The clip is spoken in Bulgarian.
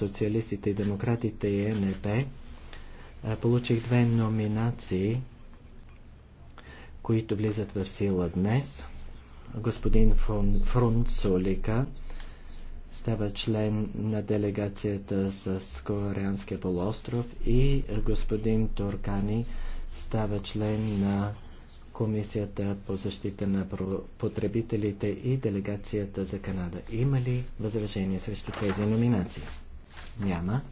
социалистите и демократите и НП, получих две номинации, които влизат в сила днес. Господин Фрун, Фрунцолика става член на делегацията с Кореанския полуостров и господин Туркани става член на Комисията по защита на потребителите и делегацията за Канада. Има ли възражение срещу тези номинации? Няма.